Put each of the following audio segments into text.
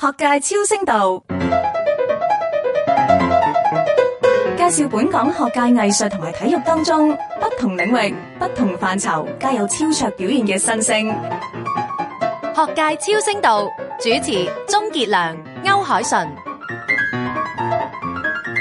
學界超星道，介紹本港學界藝術同埋體育當中不同領域、不同範疇皆有超卓表現嘅新星。學界超星道主持：鍾傑良、歐鎧淳。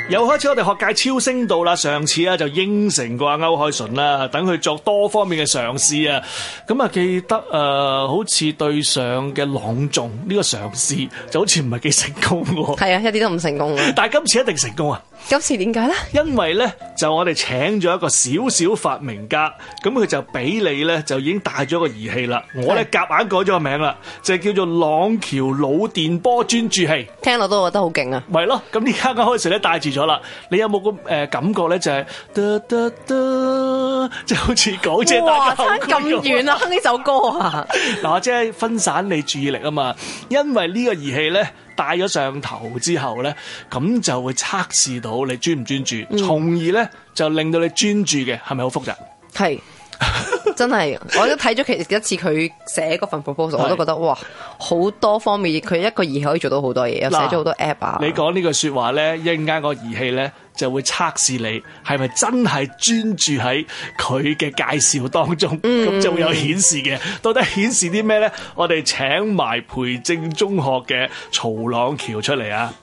又開始我哋學界超聲道啦，上次啊就應承過阿歐鎧淳啦，等佢作多方面嘅嘗試啊，咁啊記得誒、呃、好似對上嘅朗誦呢，呢個嘗試就好似唔係幾成功喎。係啊，一啲都唔成功。但係今次一定成功啊！今次點解咧？為呢因為咧就我哋請咗一個小小發明家，咁佢就俾你咧就已經帶咗個儀器啦。我咧夾嗎硬改咗個名啦，就叫做朗翹腦電波專注器。聽落都覺得好勁啊！咪咯，咁呢家開始咧戴住咗啦。你有冇個誒感覺咧？就係嘚嘚嘚，即係好似嗰隻。哇！差咁遠啊，呢 首歌啊！嗱，即係分散你注意力啊嘛。因為個儀呢個儀器咧。戴咗上頭之後呢，咁就會測試到你專唔專注，嗯、從而呢，就令到你專注嘅，係咪好複雜？係是。 真係，我都睇咗其實一次佢寫嗰份 proposal， 我都覺得哇，好多方面佢一個儀器可以做到好多嘢，喊又寫咗好多 app 啊！你講呢句説話咧，一陣間個儀器咧就會測試你係咪真係專注喺佢嘅介紹當中，咁、嗯、就會有顯示嘅。到底顯示啲咩咧？我哋請埋培正中學嘅曹朗翹出嚟啊！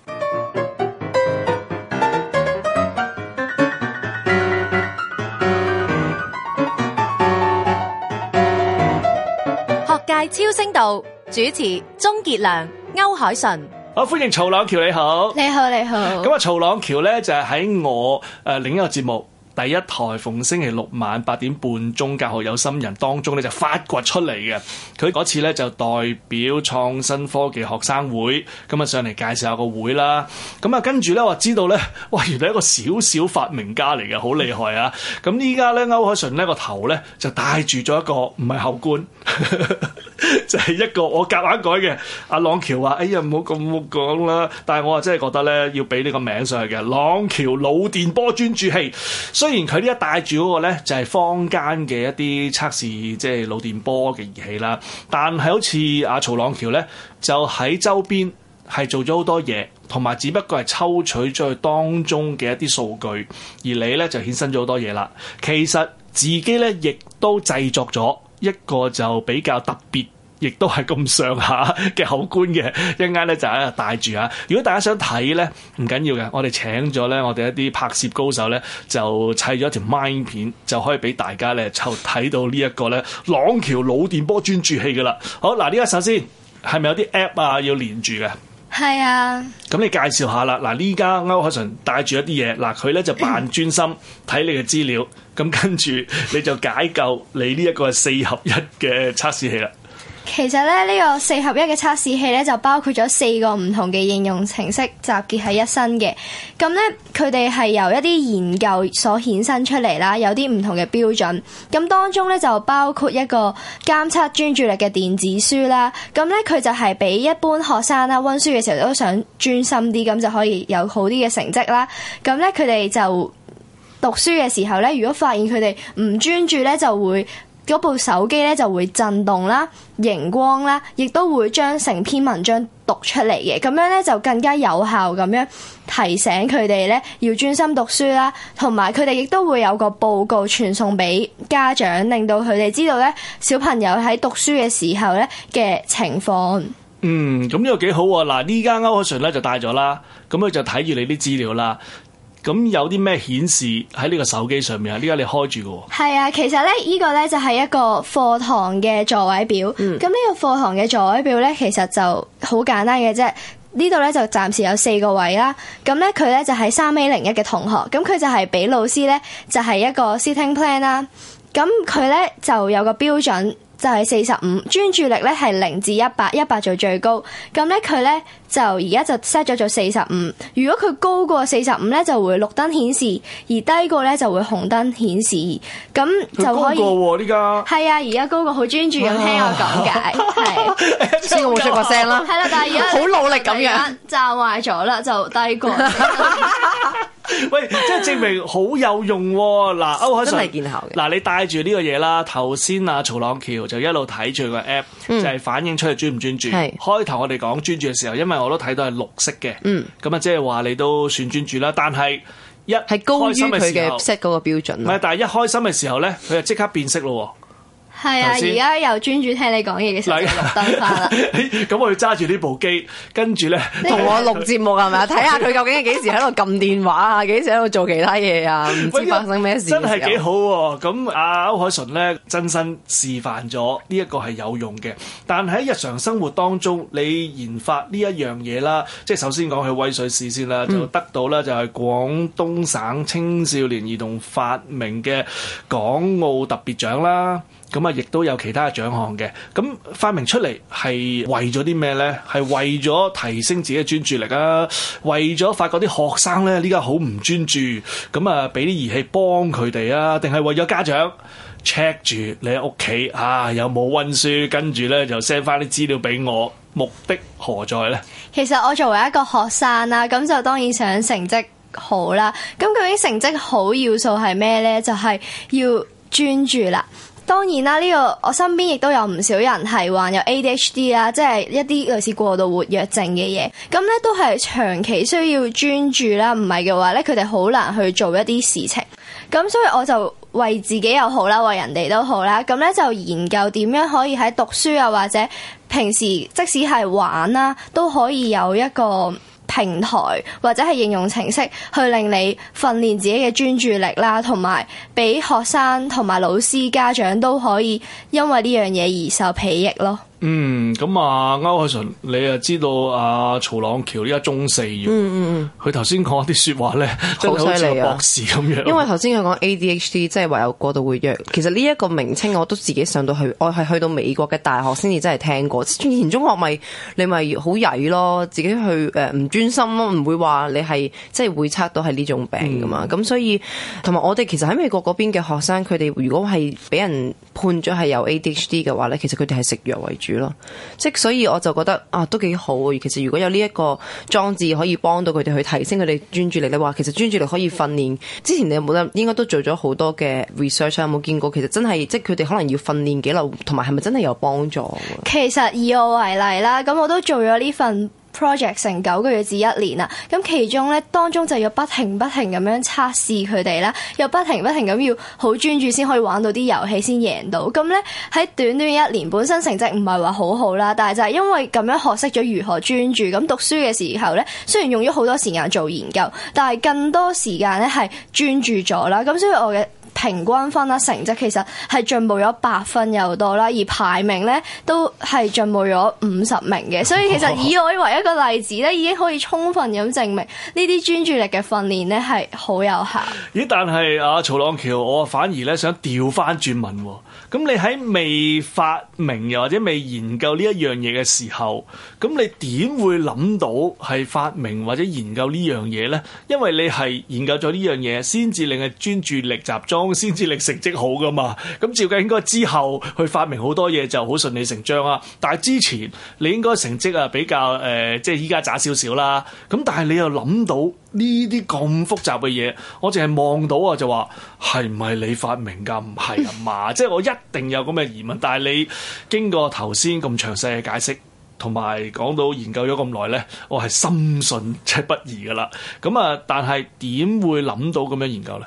超聲道主持鍾杰良、歐鎧淳，好歡迎曹朗翹你，你好，你好，你好。咁啊，曹朗翹咧就係、是、喺我誒、呃、另一個節目。第一台逢星期六晚八點半鐘，中學有心人當中咧就發掘出嚟嘅，佢嗰次咧就代表創新科技學生會咁啊上嚟介紹下個會啦。咁啊跟住咧我知道咧，哇原來一個小小發明家嚟嘅，好厲害啊！咁依家咧歐鎧淳咧個頭咧就戴住咗一個唔係後冠， 就係一個我夾硬改嘅。阿朗翹話：哎呀唔好咁講啦，但係我啊真係覺得咧要俾呢個名上去嘅。朗翹腦電波專注器。雖然佢呢一帶住嗰個咧，就係、是、坊間嘅一啲測試，即係腦電波嘅儀器啦。但係好似阿曹朗翹咧，就喺周邊係做咗好多嘢，同埋只不過係抽取咗佢當中嘅一啲數據，而你咧就衍生咗好多嘢啦。其實自己咧亦都製作咗一個就比較特別。亦都係咁上下嘅口官嘅，一陣間咧就喺度戴住啊！如果大家想睇咧，唔緊要嘅，我哋請咗咧我哋一啲拍攝高手咧，就砌咗條 mind 片，就可以俾大家咧就睇到呢一個咧廊橋腦電波專注器嘅啦。好嗱，呢一首先係咪有啲 app 啊要連住嘅？係啊，咁你介紹下啦。嗱，呢家歐鎧淳戴住一啲嘢，嗱佢咧就扮專心睇你嘅資料，咁 跟住你就解救你呢一個係四合一嘅測試器啦。其實咧，呢個四合一嘅測試器咧，就包括咗四個唔同嘅應用程式集結喺一身嘅。咁咧，佢哋係由一啲研究所衍生出嚟啦，有啲唔同嘅標準。咁當中咧就包括一個監測專注力嘅電子書啦。咁咧，佢就係俾一般學生啦，溫書嘅時候都想專心啲，咁就可以有好啲嘅成績啦。咁咧，佢哋就讀書嘅時候咧，如果發現佢哋唔專注咧，就會。嗰部手機咧就會震動啦、熒光啦，亦都會將成篇文章讀出嚟嘅，咁樣咧就更加有效咁樣提醒佢哋咧要專心讀書啦，同埋佢哋亦都會有個報告傳送俾家長，令到佢哋知道咧小朋友喺讀書嘅時候咧嘅情況。嗯，咁又幾好喎，啊！嗱，呢間歐鎧淳咧就帶咗啦，咁佢就睇住你啲資料啦。咁有啲咩顯示喺呢個手機上面啊？呢家你開住嘅喎。係啊，其實咧呢個咧就係一個課堂嘅座位表。嗯、咁呢個課堂嘅座位表咧，其實就好簡單嘅啫。呢度咧就暫時有四個位啦。咁咧佢咧就係三 A 零一嘅同學。咁佢就係俾老師咧就係一個 sitting plan 啦。咁佢咧就有個標準。就係四十五。專注力咧係零至一百一百就最高，咁咧佢咧就而家就 set 咗做四十五。如果佢高過四十五咧就會綠燈顯示，而低過咧就會紅燈顯示，咁就可以。係啊，而家高過好、哦、專、啊、注咁、啊、聽我講解先，我出個聲啦，係啦。但係而家好努力咁樣炸壞咗啦，就低過。 喂，即係證明好有用。嗱， 歐鎧淳真係見效嘅。嗱，你帶住呢個嘢啦，頭先阿曹朗翹就一路睇住個 app、嗯、就係反映出去專唔專注。係是開頭我哋講專注嘅時候，因為我都睇到係綠色嘅。嗯，咁啊，即係話你都算專注啦。但係一係高於佢嘅 set 嗰個標準。係，但係一開心嘅時候咧，佢就即刻變色咯。係啊，而家才又專注聽你講嘢嘅時候錄燈花啦。咁 我要揸住呢部機，跟住咧同我錄節目係咪啊？睇下佢究竟係幾時喺度撳電話啊？幾 時喺度做其他嘢啊？唔知發生咩事。真係幾好喎，啊！咁阿歐鎧淳咧真身示範咗呢一個係有用嘅，但喺日常生活當中，你研發呢一樣嘢啦，即係首先講去威水史先啦，就得到啦，就係廣東省青少年兒童發明嘅港澳特別獎啦。咁啊，亦都有其他獎項嘅。咁發明出嚟係為咗啲咩呢？係為咗提升自己嘅專注力啊！為咗發覺啲學生呢，呢家好唔專注。咁啊，俾啲儀器幫佢哋啊，定係為咗家長 check 住你喺屋企啊，有冇溫書？跟住呢就 send 翻啲資料俾我。目的何在呢？其實我作為一個學生啦，咁就當然想成績好啦。咁究竟成績好要素係咩呢？就係要專注啦。當然啦，呢個我身邊亦都有唔少人係患有 ADHD 啦，即係一啲類似過度活躍症嘅嘢。咁咧都係長期需要專注啦，唔係嘅話咧，佢哋好難去做一啲事情。咁所以我就為自己又好啦，為人哋都好啦。咁咧就研究點樣可以喺讀書啊，或者平時即使係玩啦，都可以有一個平台或者係應用程式，去令你訓練自己嘅專注力啦，同埋畀學生同埋老師家長都可以因為呢樣嘢而受裨益咯。嗯，咁啊，歐鎧淳，你又知道阿、啊、曹朗翹呢一中四嘅、嗯，嗯嗯嗯，佢頭先講啲說話咧，好犀利似博士咁樣。因為頭先佢講 A D H D，即係話有過度活躍。其實呢一個名稱我都自己上到去，我係去到美國嘅大學先至真係聽過。以前中學咪、就是、你咪好曳咯，自己去誒唔專心咯，唔會話你係即係會測到係呢種病噶嘛。咁、嗯、所以同埋我哋其實喺美國嗰邊嘅學生，佢哋如果係俾人判咗係有 A D H D 嘅話咧，其實佢哋係食藥為主。咯，即所以我就覺得啊，都幾好。其實如果有呢一個裝置可以幫到佢哋去提升佢哋專注力嘅話，其實專注力可以訓練。之前你有冇咧？應該都做咗好多嘅 research，有冇見過？其實真係，即佢哋可能要訓練幾耐，同埋係咪真係有幫助啊？其實以我為例啦，咁我都做咗呢份。project 成九個月至一年啦，咁其中咧當中就要不停不停咁樣測試佢哋咧，又不停不停咁要好專注先可以玩到啲遊戲先贏到，咁咧喺短短一年，本身成績唔係話好好啦，但係就係因為咁樣學識咗如何專注，咁讀書嘅時候咧，雖然用咗好多時間做研究，但係更多時間咧係專注咗啦，咁所以我嘅平均分啦，成績其實係進步咗百分又多啦，而排名咧都係進步咗五十名嘅，所以其實以我為一個例子咧，已經可以充分咁證明呢啲專注力嘅訓練咧係好有效。咦？但係阿曹朗翹，我反而咧想調翻轉問，咁你喺未發明又或者未研究呢一樣嘢嘅時候，咁你點會諗到係發明或者研究呢樣嘢呢？因為你係研究咗呢樣嘢，先至令你專注力集中，先至令成績好噶嘛。咁、嗯、照計應該之後去發明好多嘢就好順理成章啦。但係之前你應該成績啊比較誒、呃，即係依家渣少少啦。咁但係你又諗到呢啲咁複雜嘅嘢，我淨係望到啊就話係唔係你發明㗎？唔係啊嘛， 即係我一定有咁嘅疑問。但係你經過頭先咁詳細嘅解釋。同埋講到研究咗咁耐咧，我係深信且不疑噶啦。咁啊，但係點會諗到咁樣研究咧？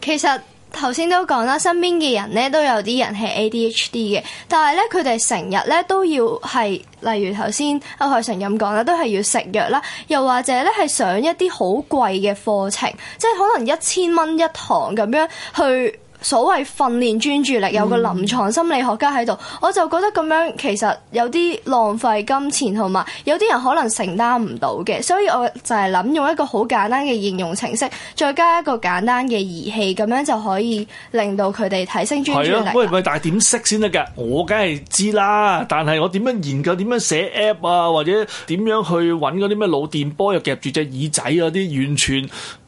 其實頭先都講啦，身邊嘅人咧都有啲人係 ADHD 嘅，但係咧佢哋成日咧都要係，例如頭先歐鎧淳咁講啦，都係要食藥啦，又或者咧係上一啲好貴嘅課程，即係可能一千蚊一堂咁樣去。所謂訓練專注力，有個臨床心理學家喺度，嗯、我就覺得咁樣其實有啲浪費金錢，同埋有啲人可能承擔唔到嘅，所以我就係諗用一個好簡單嘅應用程式，再加一個簡單嘅儀器，咁樣就可以令到佢哋提升專注力。係咯、啊，喂喂，喂，但係點識先得㗎？我梗係知啦，但係我點樣研究，點樣寫 app 啊，或者點樣去揾嗰啲咩腦電波又夾住隻耳仔嗰啲，完全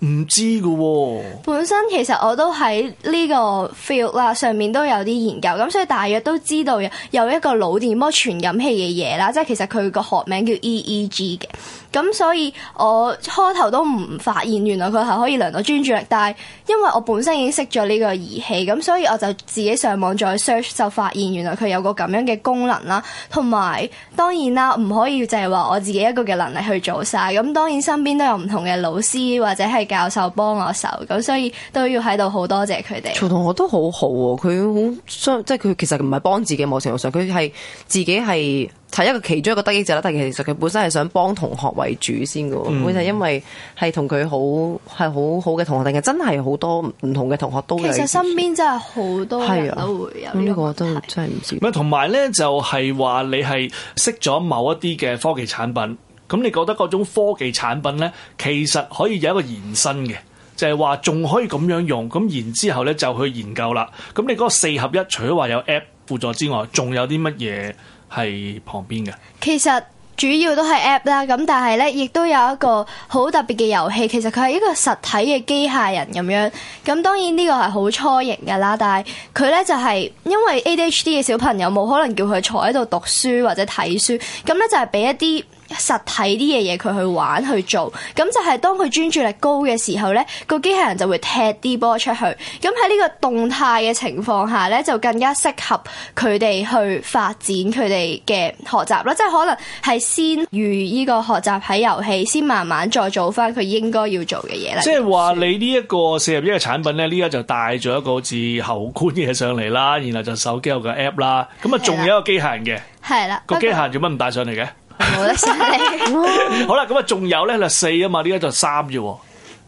唔知㗎喎，啊。本身其實我都喺呢個。個 field 啦，上面都有啲研究，咁所以大約都知道有一個腦電波傳感器嘅嘢啦，即係其實佢個學名叫 EEG 嘅。咁所以我開頭都唔發現原來佢係可以量到專注力。但係因為我本身已經識咗呢個儀器，咁所以我就自己上網再 search 就發現原來佢有個咁樣嘅功能啦。同埋當然啦，唔可以就係話我自己一個嘅能力去做晒，咁當然身邊都有唔同嘅老師或者係教授幫我手，咁所以都要喺度好多謝佢哋。同學都好好喎，佢好，即係佢其實唔係幫自己，某程度上佢係自己係睇一個其中一個得益者啦。但其實佢本身係想幫同學為主先嘅，佢就、嗯、因為係同佢好係好好嘅同學，定係真係好多唔同嘅同學都。其實身邊真係好多人都會有，個、啊呢個、有呢個，都真係唔知。同埋咧就係、是、話你係識咗某一啲嘅科技產品，咁你覺得嗰種科技產品咧，其實可以有一個延伸嘅。就係話仲可以咁樣用，咁然之後咧就去研究啦。咁你嗰四合一除咗話有 app 輔助之外，仲有啲乜嘢係旁邊嘅？其實主要都係 app 啦，咁但係咧亦都有一個好特別嘅遊戲，其實佢係一個實體嘅機械人咁樣。咁當然呢個係好初型㗎啦，但係佢咧就係因為 ADHD 嘅小朋友冇可能叫佢坐喺度讀書或者睇書，咁咧就係俾一啲實體啲嘅嘢，佢去玩去做，咁就係當佢專注力高嘅時候呢個機器人就會踢啲波出去。咁喺呢個動態嘅情況下呢就更加適合佢哋去發展佢哋嘅學習啦。即係可能係先寓呢個學習喺遊戲，先慢慢再做翻佢應該要做嘅嘢啦。即係話你呢一個四入一嘅產品呢，呢家就帶咗一個自后嘅嘢上嚟啦，然後就手機有個 app 啦，咁啊仲有一個機械人嘅，係啦了個機械人做乜唔帶上嚟嘅？好啦，咁啊，仲有咧就四啊嘛，呢家就三啫。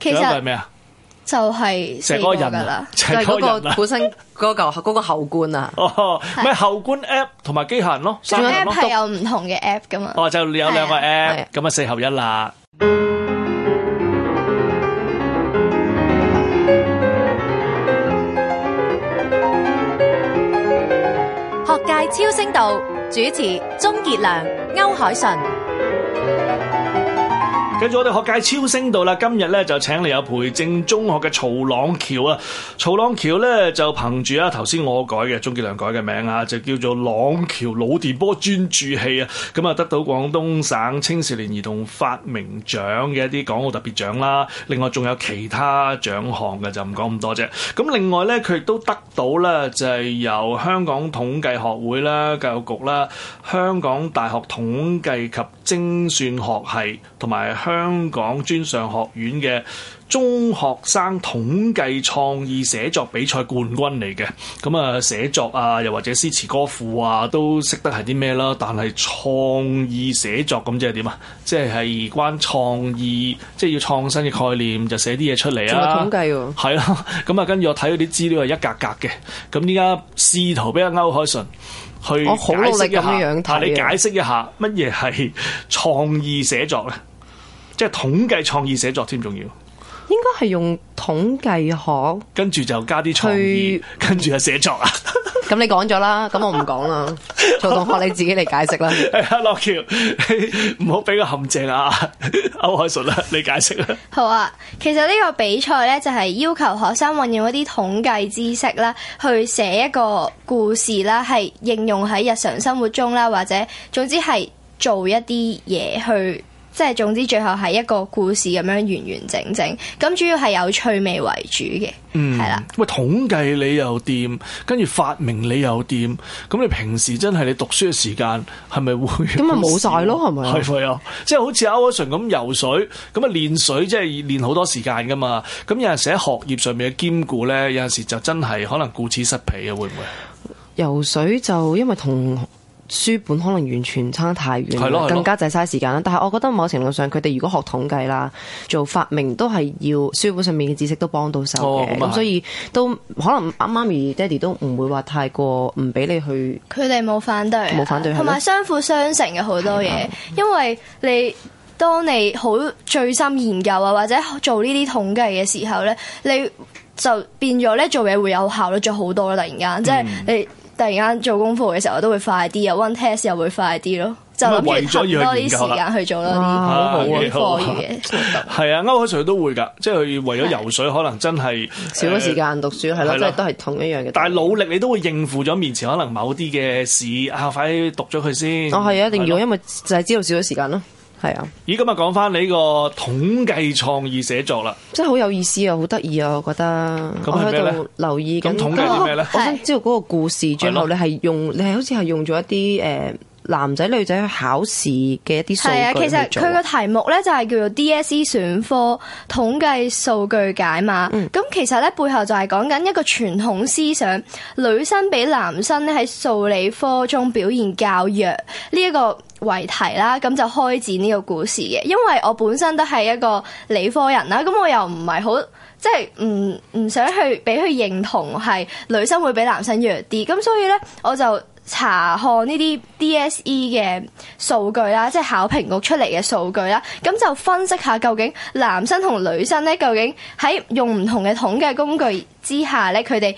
其實係咩啊？就係成個人噶啦，嗰個本身嗰嚿嗰個後冠啊。哦，咩後冠 app 同埋機械人咯。仲有 app 係有唔同嘅 app 噶嘛？哦，就有兩個 app，咁啊四合一啦。學界超聲道。主持：鍾傑良、歐鎧淳。跟住我哋學界超聲到啦，今日咧，就請嚟有培正中學嘅曹朗翹啊。曹朗翹咧就憑住啊，頭先我改嘅鍾傑良改嘅名啊，就叫做朗翹腦電波專注器啊，咁啊得到廣東省青少年兒童發明獎嘅一啲港澳特別獎啦，另外仲有其他獎項嘅就唔講咁多啫。咁另外咧，佢亦都得到咧就係由香港統計學會啦、教育局啦、香港大學統計及精算學系同埋香港專上學院嘅中學生統計創意寫作比賽冠軍嚟嘅，咁啊寫作啊，又或者詩詞歌賦啊，都識得係啲咩啦？但係創意寫作咁即係點啊？即係關於創意，即係要創新嘅概念，就寫啲嘢出嚟啊！統計喎，係啦，咁啊，跟住我睇嗰啲資料係一格格嘅，咁依家試圖俾阿歐鎧淳去解釋一下，樣啊、你解釋一下乜嘢係創意寫作咧？即係統計創意寫作添，重要應該係用統計學，跟住就加啲創意，去跟住就寫作啊！咁 你講咗啦，咁我唔講啦， 曹同學你自己嚟解釋啦。係啊，駱橋，唔好俾個陷阱啊！歐鎧淳啦、啊，你解釋啦。好啊，其實呢個比賽咧就係、是、要求學生運用一啲統計知識啦，去寫一個故事啦，係應用喺日常生活中啦，或者總之係做一啲嘢去。即係總之最後係一個故事咁樣完完整整，咁主要係有趣味為主嘅，係啦、嗯。的喂，統計你又掂，跟住發明你又掂，咁你平時真係你讀書嘅時間係咪會？咁咪冇晒咯，係咪？係會啊，即係好似阿 Ocean 咁游水，咁啊練水即係練好多時間噶嘛。咁有陣時喺學業上面嘅兼顧咧，有陣時就真係可能顧此失彼嘅，會唔會？游水就因為同。書本可能完全差得太遠，的更加就嘥時間啦。的但係我覺得某程度上，佢哋如果學統計啦，做發明都係要書本上面嘅知識都幫到手嘅，咁、哦、所以的都可能阿媽咪、爹哋都唔會話太過唔俾你去。佢哋冇反對，冇反對，同埋相輔相成嘅好多嘢，的因為你當你好醉心研究啊，或者做呢啲統計嘅時候呢，你就變咗呢做嘢會有效率咗好多啦！突然間，即係你。突然間做功課嘅時候，我都會快啲啊，溫 test 又會快啲咯，就諗住慳多啲時間去做多啲嘅科語嘅。係啊，歐鎧淳佢都會噶，即係為咗游水，可能真係少咗時間讀書，係咯、嗯，的都係同一樣嘅。但係努力你都會應付咗面前可能某啲嘅事啊，快啲讀咗佢先。哦，係啊，一定要，因為就係知道少咗時間咯。係啊 咦，今日講翻你個統計創意寫作啦，真係好有意思啊，好得意啊，我覺得我喺度留意緊，咁統計啲咩咧？我，我想知道嗰個故事，的最後你係用，你係好似係用咗一啲誒。呃男仔女仔去考試嘅一啲係啊，其實佢個題目咧就係、是、叫做 DSE 選科統計數據解碼。咁、嗯、其實咧背後就係講緊一個傳統思想，女生比男生咧喺數理科中表現較弱呢一個為題題啦。咁就開展呢個故事嘅，因為我本身都係一個理科人啦，咁我又唔係好。即係唔唔想去俾佢認同係女生會比男生弱啲，咁所以咧我就查看呢啲 DSE 嘅數據啦，即係考評局出嚟嘅數據啦，咁就分析下究竟男生同女生咧究竟喺用唔同嘅統計工具之下咧，佢哋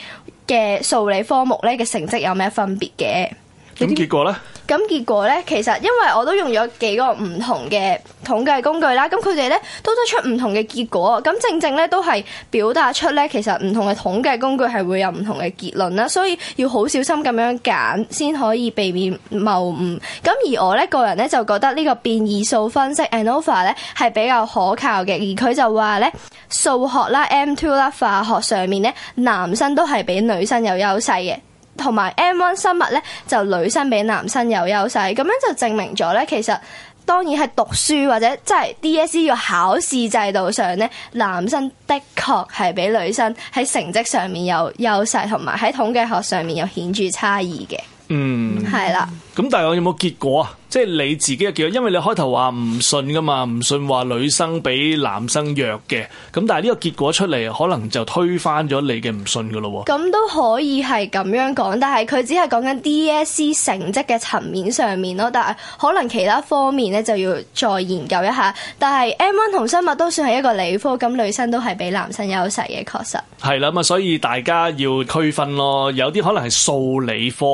嘅數理科目咧嘅成績有咩分別嘅？咁結果咧？咁結果咧，其實因為我都用咗幾個唔同嘅統計工具啦，咁佢哋咧都得出唔同嘅結果，咁正正咧都係表達出咧，其實唔同嘅統計工具係會有唔同嘅結論啦，所以要好小心咁樣揀，先可以避免謬誤。咁而我咧個人咧就覺得呢個變異數分析 ANOVA 咧係比較可靠嘅，而佢就話咧數學啦、M two 啦、化學上面咧，男生都係比女生有優勢嘅。同埋 M1 生物咧，就女生比男生有優勢，咁樣就證明咗咧。其實當然係讀書或者即係 DSE 要考試制度上咧，男生的確係比女生喺成績上面有優勢，同埋喺統計學上面有顯著差異嘅。嗯，係啦。咁但係我有冇結果啊？即係你自己嘅結果，因為你開頭話唔信噶嘛，唔信話女生比男生弱嘅。咁但係呢個結果出嚟，可能就推翻咗你嘅唔信噶咯。咁都可以係咁樣講，但係佢只係講緊 DSC 成績嘅層面上面咯，但係可能其他方面咧就要再研究一下。但係 M1 同生物都算係一個理科，咁女生都係比男生優勢嘅，確實。係啦嘛，所以大家要區分咯，有啲可能係數理科，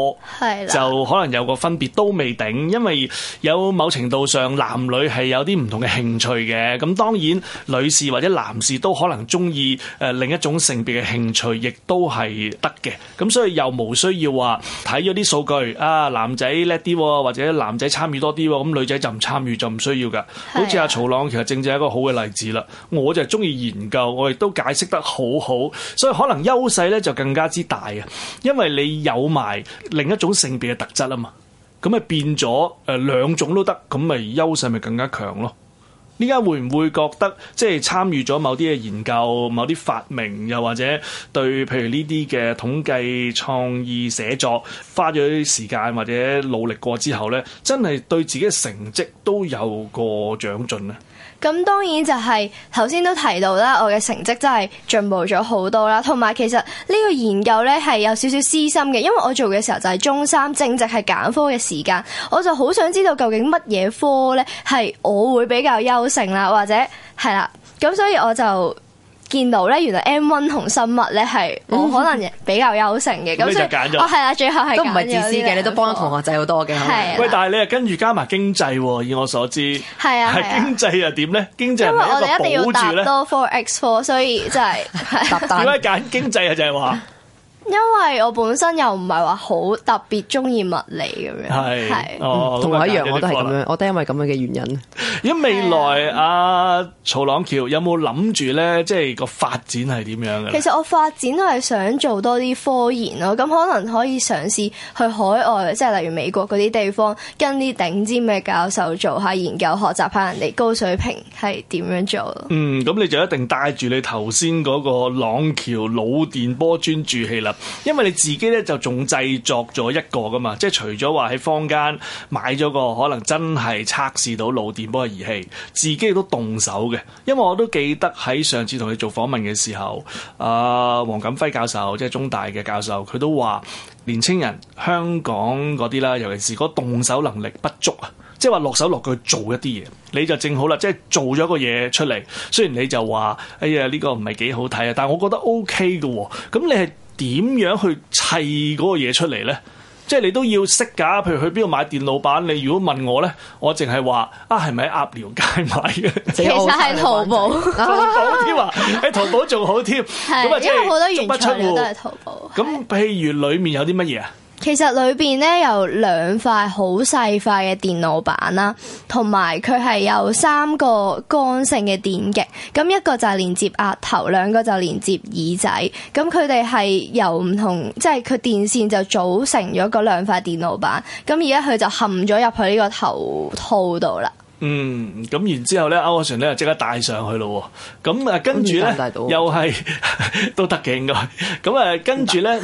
係啦，就可能有個分分別都未定，因為有某程度上男女係有啲唔同嘅興趣嘅。咁當然，女士或者男士都可能中意誒另一種性別嘅興趣，亦都係得嘅。咁所以又冇需要話睇咗啲數據啊，男仔叻啲喎或者男仔參與多啲，咁女仔就唔參與就唔需要㗎。係啊、好似阿、啊、曹朗其實正正係一個好嘅例子啦。我就係中意研究，我亦都解釋得好好，所以可能優勢咧就更加之大啊，因為你有埋另一種性別嘅特質啊嘛。咁咪變咗誒、呃、兩種都得，咁咪優勢咪更加強咯？依家會唔會覺得即係參與咗某啲嘅研究、某啲發明，又或者對譬如呢啲嘅統計、創意、寫作，花咗啲時間或者努力過之後咧，真係對自己嘅成績都有個長進咧？咁當然就係頭先都提到啦，我嘅成績真係進步咗好多啦，同埋其實呢個研究咧係有少少私心嘅，因為我做嘅時候就係中三正值係揀科嘅時間，我就好想知道究竟乜嘢科咧係我會比較優勝啦，或者係啦，咁所以我就，見到咧，原來 M1 同生物咧係冇可能比較優勝嘅，咁就、嗯、哼揀咗以。哦係啊，最後係都唔係自私嘅，你都幫咗同學仔好多嘅。係的，但係你又跟住加埋經濟，以我所知係啊，係的經濟又點咧？經濟因為我哋一,一定要答多。Four X Four，所以就係點解揀經濟啊？就係話。因為我本身又唔係話好特別中意物理咁樣，係，同我一樣，樣我都係咁樣，我都因為咁樣嘅原因。如果未來是啊，曹朗翹有冇諗住咧，即係個發展係點樣嘅？其實我發展都係想做多啲科研咯，咁可能可以嘗試去海外，即係例如美國嗰啲地方，跟啲頂尖嘅教授做下研究，學習下人哋高水平係點樣做。嗯，咁你就一定帶住你頭先嗰個朗翹腦電波專注器啦。因為你自己咧就仲製作咗一個噶嘛，即係除咗話喺坊間買咗個可能真係測試到腦電波嘅儀器，自己亦都動手嘅。因為我都記得喺上次同你做訪問嘅時候，阿黃錦輝教授，即係中大嘅教授，佢都話年青人香港嗰啲啦，尤其是嗰個動手能力不足啊，即係話落手落腳做一啲嘢，你就正好啦，即係做咗個嘢出嚟。雖然你就話哎呀呢個唔係幾好睇啊，但係我覺得 OK 嘅喎，咁你係。點樣去砌嗰個嘢出嚟咧？即係你都要識㗎。譬如去邊度買電腦板，你如果問我咧，我淨係話啊，係咪喺鴨寮街買嘅？其實係淘， 淘寶。淘寶添啊！喺淘寶仲好添。係、啊。咁啊， 因為好多嘢出嚟都係淘寶。咁譬如裡面有啲乜嘢啊？的其實裡邊咧有兩塊好細塊嘅電腦板啦，同埋佢係有三個乾性嘅電極，咁一個就係連接額頭，兩個就連接耳仔，咁佢哋係由唔同，即係佢電線就組成咗嗰兩塊電腦板，咁而家佢就冚咗入去呢個頭套度啦。嗯，咁然之後咧，歐尚就即刻帶上去咯，咁啊跟住咧又係都得嘅應該，咁啊跟住咧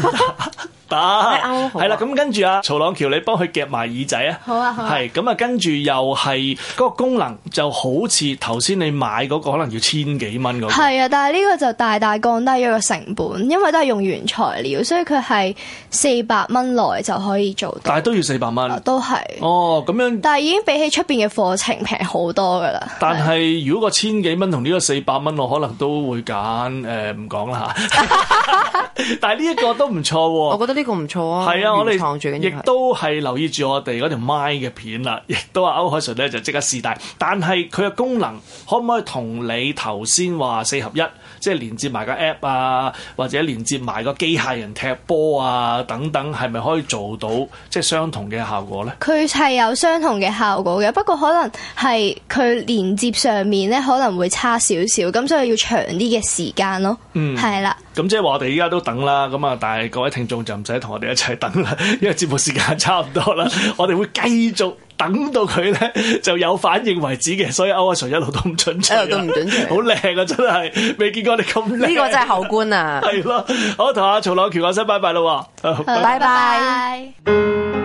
打，係啦，咁跟住啊曹朗翹，你幫佢夾埋耳仔啊，好啊，係咁啊跟住又係嗰個功能就好似頭先你買嗰個可能要千幾蚊嗰個，係啊，但係呢個就大大降低咗個成本，因為都係用原材料，所以佢係四百蚊內就可以做到，但係都要四百蚊，都係哦咁樣，但係已經比起出邊嘅課程。平好多噶啦，但係如果個千幾蚊同呢個四百蚊，我可能都會揀誒，唔講啦吓。 但係呢一個都唔錯， 我覺得呢個唔錯啊。係啊，我哋住亦都係留意住我哋嗰條咪嘅片啦，亦都阿歐鎧淳咧就即刻試戴。但係佢嘅功能可唔可以同你頭先話四合一？即係連接埋個 app 啊，或者連接埋個機械人踢波啊，等等，係咪可以做到即係相同嘅效果咧？佢係有相同嘅效果嘅，不過可能係佢連接上面咧可能會差少少，咁所以要長啲嘅時間咯。嗯，係啦。咁即係話我哋依家都等啦，咁啊，但係各位聽眾就唔使同我哋一齊等啦，因為節目時間差唔多啦， 我哋會繼續。等到佢咧就有反應為止嘅，所以歐阿 Sir 一路都唔準一路都唔準，好靚 啊！真係未見過你咁靚。呢 個真係好官啊！係咯， 好，同阿曹朗翹講聲拜拜咯！好拜拜。拜拜拜拜